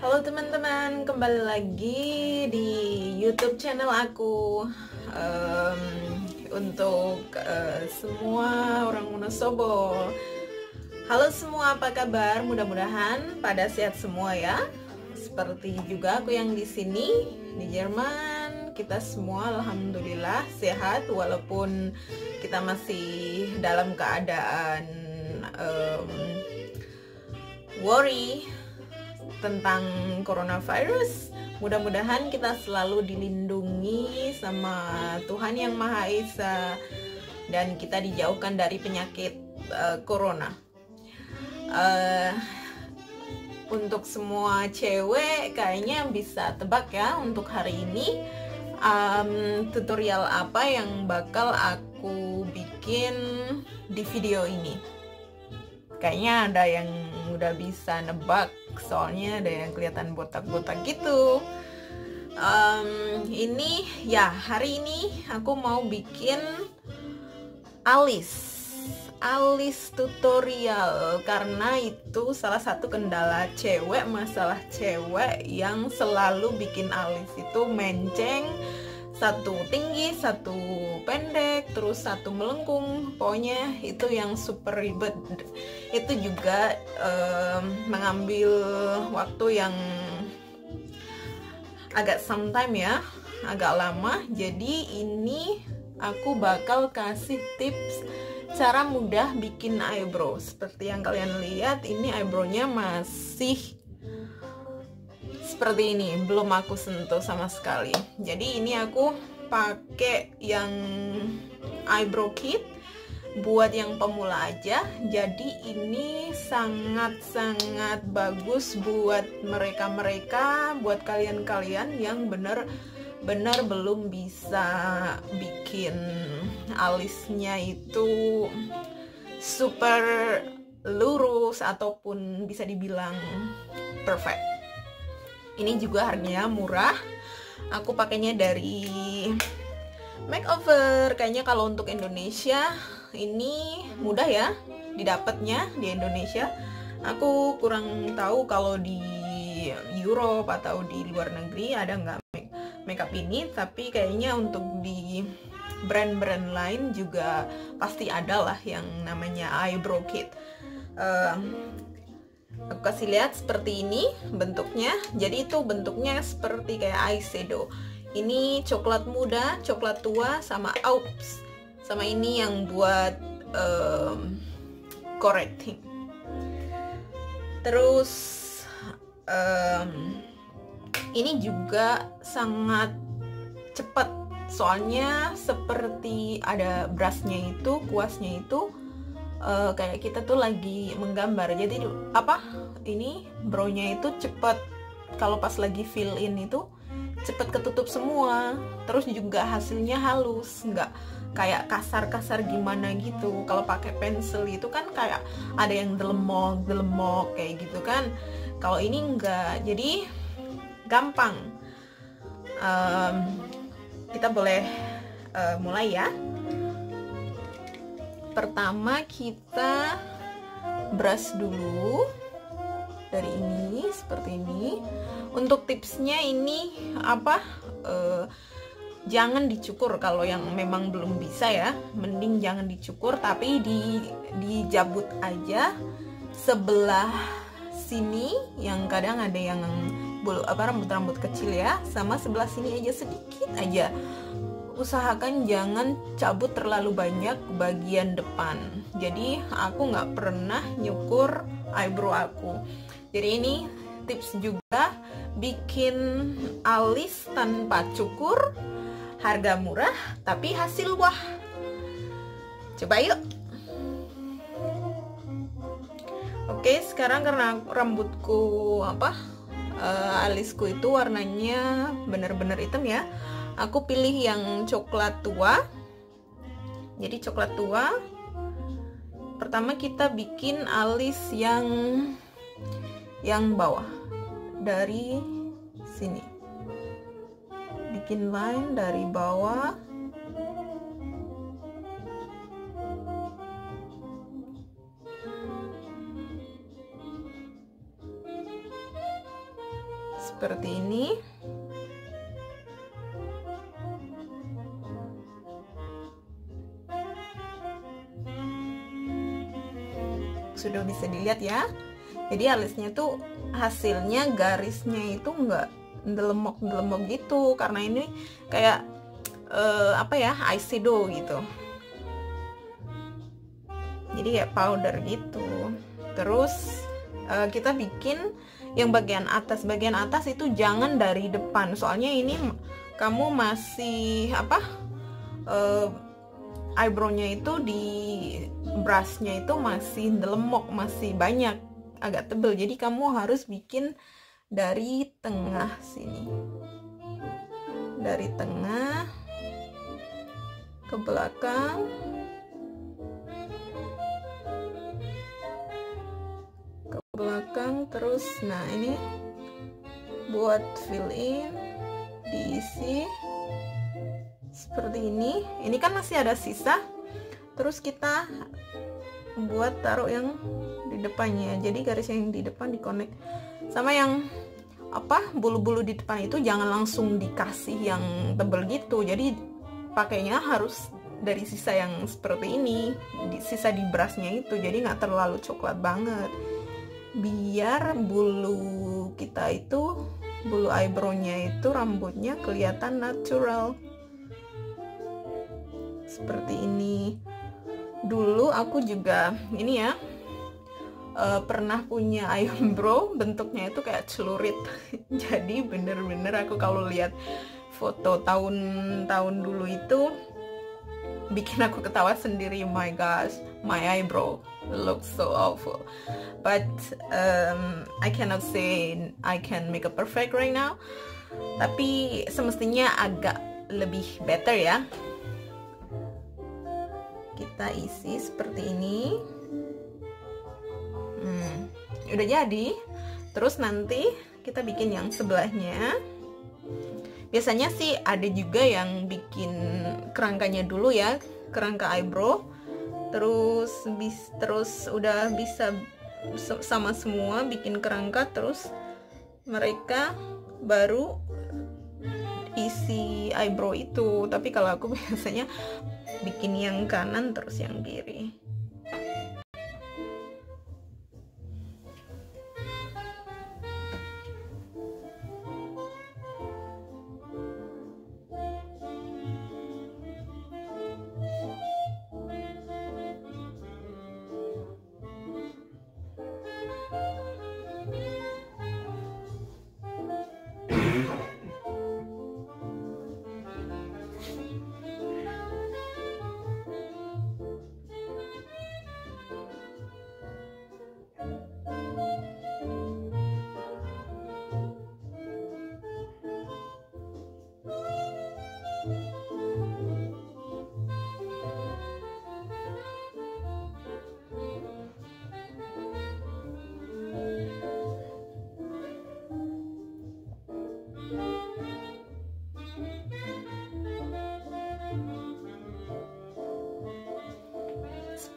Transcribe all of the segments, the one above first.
Halo teman-teman, kembali lagi di YouTube channel aku um, untuk uh, semua orang Wonosobo. Halo semua, apa kabar? Mudah-mudahan pada sehat semua ya. Seperti juga aku yang di sini di Jerman, kita semua alhamdulillah sehat walaupun kita masih dalam keadaan um, worry tentang coronavirus. Mudah-mudahan kita selalu dilindungi sama Tuhan Yang Maha Esa dan kita dijauhkan dari penyakit uh, corona. Uh, untuk semua cewek kayaknya bisa tebak ya untuk hari ini um, tutorial apa yang bakal aku bikin di video ini. Kayaknya ada yang udah bisa nebak soalnya ada yang kelihatan botak-botak gitu um, ini ya hari ini aku mau bikin alis alis tutorial karena itu salah satu kendala cewek masalah cewek yang selalu bikin alis itu menceng satu tinggi satu pendek terus satu melengkung pokoknya itu yang super ribet itu juga um, mengambil waktu yang agak sometime ya agak lama jadi ini aku bakal kasih tips cara mudah bikin eyebrow seperti yang kalian lihat ini eyebrownya masih seperti ini belum aku sentuh sama sekali jadi ini aku pakai yang eyebrow kit buat yang pemula aja jadi ini sangat-sangat bagus buat mereka-mereka buat kalian-kalian yang bener benar belum bisa bikin alisnya itu super lurus ataupun bisa dibilang perfect ini juga harganya murah aku pakainya dari makeover kayaknya kalau untuk Indonesia ini mudah ya didapatnya di Indonesia aku kurang tahu kalau di Europe atau di luar negeri ada nggak makeup ini tapi kayaknya untuk di brand-brand lain juga pasti ada lah yang namanya eyebrow kit uh, aku kasih lihat seperti ini bentuknya jadi itu bentuknya seperti kayak eyeshadow ini coklat muda coklat tua sama oops sama ini yang buat um, correcting terus um, ini juga sangat cepat soalnya seperti ada brushnya itu kuasnya itu uh, kayak kita tuh lagi menggambar jadi apa ini brownya itu cepet kalau pas lagi fill in itu cepet ketutup semua terus juga hasilnya halus nggak kayak kasar-kasar gimana gitu kalau pakai pensil itu kan kayak ada yang delemok delemok kayak gitu kan kalau ini enggak jadi gampang um, kita boleh uh, mulai ya pertama kita brush dulu dari ini seperti ini untuk tipsnya ini apa eh, jangan dicukur kalau yang memang belum bisa ya mending jangan dicukur tapi di dijabut aja sebelah sini yang kadang ada yang bulu apa rambut rambut kecil ya sama sebelah sini aja sedikit aja usahakan jangan cabut terlalu banyak bagian depan jadi aku nggak pernah nyukur eyebrow aku jadi ini tips juga bikin alis tanpa cukur harga murah tapi hasil wah coba yuk oke sekarang karena rambutku apa uh, alisku itu warnanya bener-bener hitam ya aku pilih yang coklat tua jadi coklat tua pertama kita bikin alis yang yang bawah dari sini bikin line dari bawah seperti ini sudah bisa dilihat ya jadi alisnya tuh hasilnya garisnya itu nggak delemok-delemok gitu karena ini kayak uh, apa ya eyeshadow gitu jadi kayak powder gitu terus uh, kita bikin yang bagian atas bagian atas itu jangan dari depan soalnya ini kamu masih apa uh, eyebrownya itu di brushnya itu masih lemok masih banyak agak tebel jadi kamu harus bikin dari tengah sini dari tengah ke belakang ke belakang terus nah ini buat fill in diisi seperti ini ini kan masih ada sisa terus kita buat taruh yang di depannya jadi garis yang di depan dikonek sama yang apa bulu-bulu di depan itu jangan langsung dikasih yang tebel gitu jadi pakainya harus dari sisa yang seperti ini di, sisa di brushnya itu jadi nggak terlalu coklat banget biar bulu kita itu bulu eyebrownya itu rambutnya kelihatan natural seperti ini dulu aku juga ini ya uh, pernah punya eyebrow bentuknya itu kayak celurit jadi bener-bener aku kalau lihat foto tahun-tahun dulu itu bikin aku ketawa sendiri my gosh my eyebrow looks so awful but um, I cannot say I can make a perfect right now tapi semestinya agak lebih better ya kita isi seperti ini hmm, udah jadi terus nanti kita bikin yang sebelahnya biasanya sih ada juga yang bikin kerangkanya dulu ya kerangka eyebrow terus bis terus udah bisa sama semua bikin kerangka terus mereka baru isi eyebrow itu tapi kalau aku biasanya bikin yang kanan terus yang kiri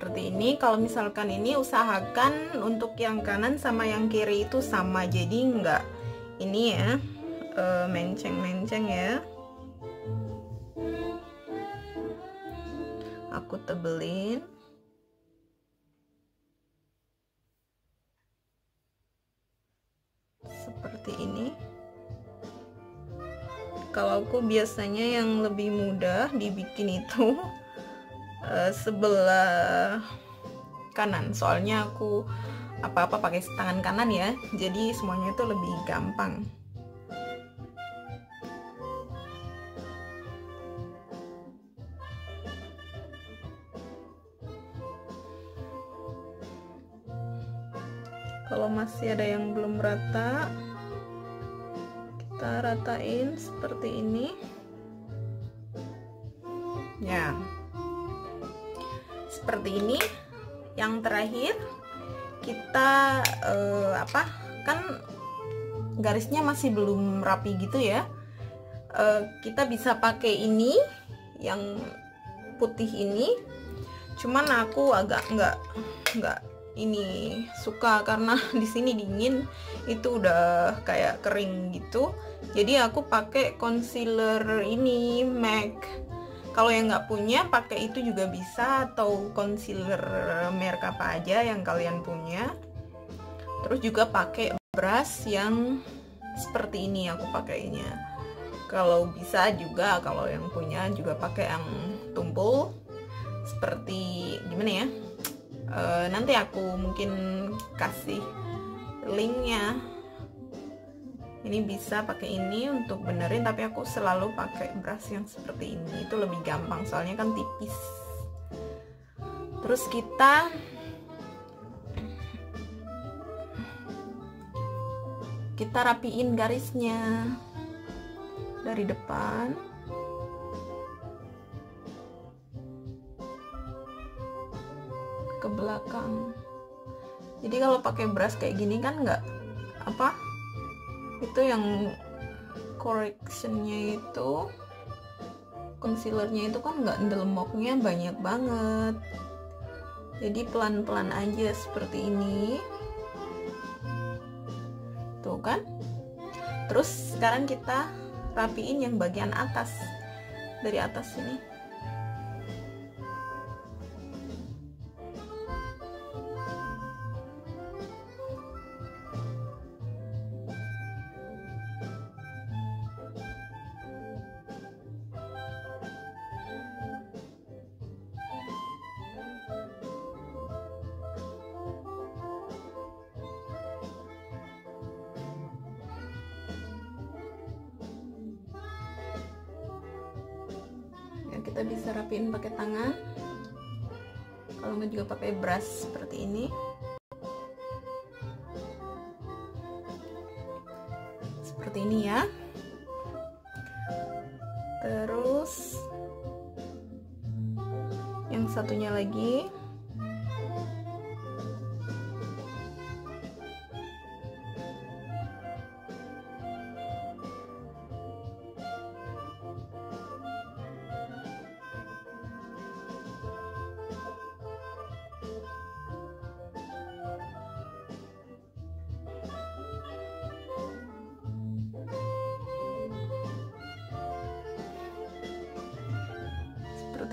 seperti ini kalau misalkan ini usahakan untuk yang kanan sama yang kiri itu sama jadi enggak ini ya eh, menceng-menceng ya aku tebelin seperti ini kalau aku biasanya yang lebih mudah dibikin itu Eh, sebelah kanan soalnya aku apa-apa pakai tangan kanan ya jadi semuanya itu lebih gampang kalau masih ada yang belum rata kita ratain seperti ini ya seperti ini yang terakhir kita uh, apa kan garisnya masih belum rapi gitu ya uh, kita bisa pakai ini yang putih ini cuman aku agak nggak nggak ini suka karena di sini dingin itu udah kayak kering gitu jadi aku pakai concealer ini MAC kalau yang nggak punya pakai itu juga bisa atau concealer merek apa aja yang kalian punya terus juga pakai brush yang seperti ini aku pakainya kalau bisa juga kalau yang punya juga pakai yang tumpul seperti gimana ya e, nanti aku mungkin kasih linknya ini bisa pakai ini untuk benerin tapi aku selalu pakai brush yang seperti ini itu lebih gampang soalnya kan tipis terus kita kita rapiin garisnya dari depan ke belakang jadi kalau pakai brush kayak gini kan nggak apa itu yang correctionnya itu concealernya itu kan nggak ngelemoknya banyak banget jadi pelan-pelan aja seperti ini tuh kan terus sekarang kita rapiin yang bagian atas dari atas ini kita bisa rapiin pakai tangan kalau nggak juga pakai brush seperti ini seperti ini ya terus yang satunya lagi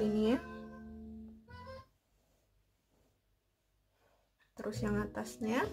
ini ya terus yang atasnya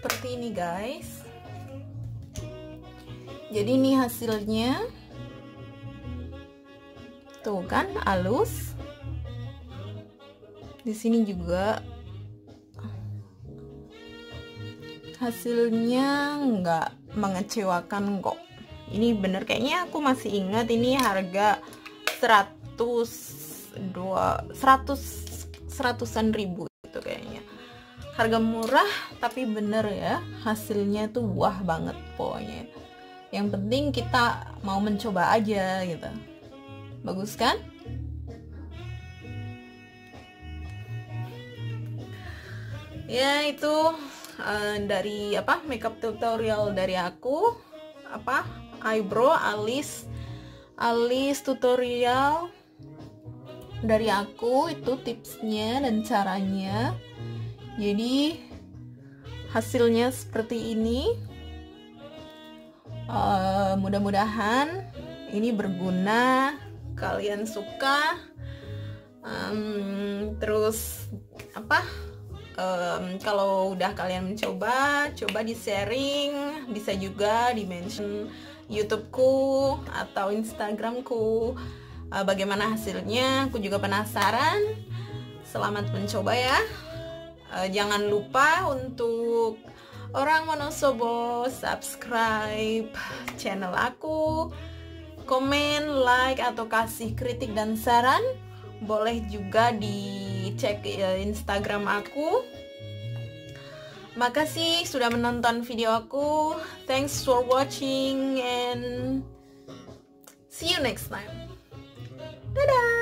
seperti ini guys jadi ini hasilnya tuh kan halus di sini juga hasilnya nggak mengecewakan kok ini bener kayaknya aku masih ingat ini harga 100 dua 100 seratusan ribu harga murah tapi bener ya hasilnya tuh wah banget pokoknya yang penting kita mau mencoba aja gitu bagus kan ya itu uh, dari apa makeup tutorial dari aku apa eyebrow alis alis tutorial dari aku itu tipsnya dan caranya jadi hasilnya seperti ini. Uh, Mudah-mudahan ini berguna, kalian suka. Um, terus apa? Um, kalau udah kalian mencoba, coba di sharing, bisa juga di mention YouTubeku atau Instagramku. Uh, bagaimana hasilnya? Aku juga penasaran. Selamat mencoba ya. Eh, jangan lupa untuk orang Wonosobo subscribe channel aku komen like atau kasih kritik dan saran boleh juga dicek eh, Instagram aku makasih sudah menonton video aku thanks for watching and see you next time dadah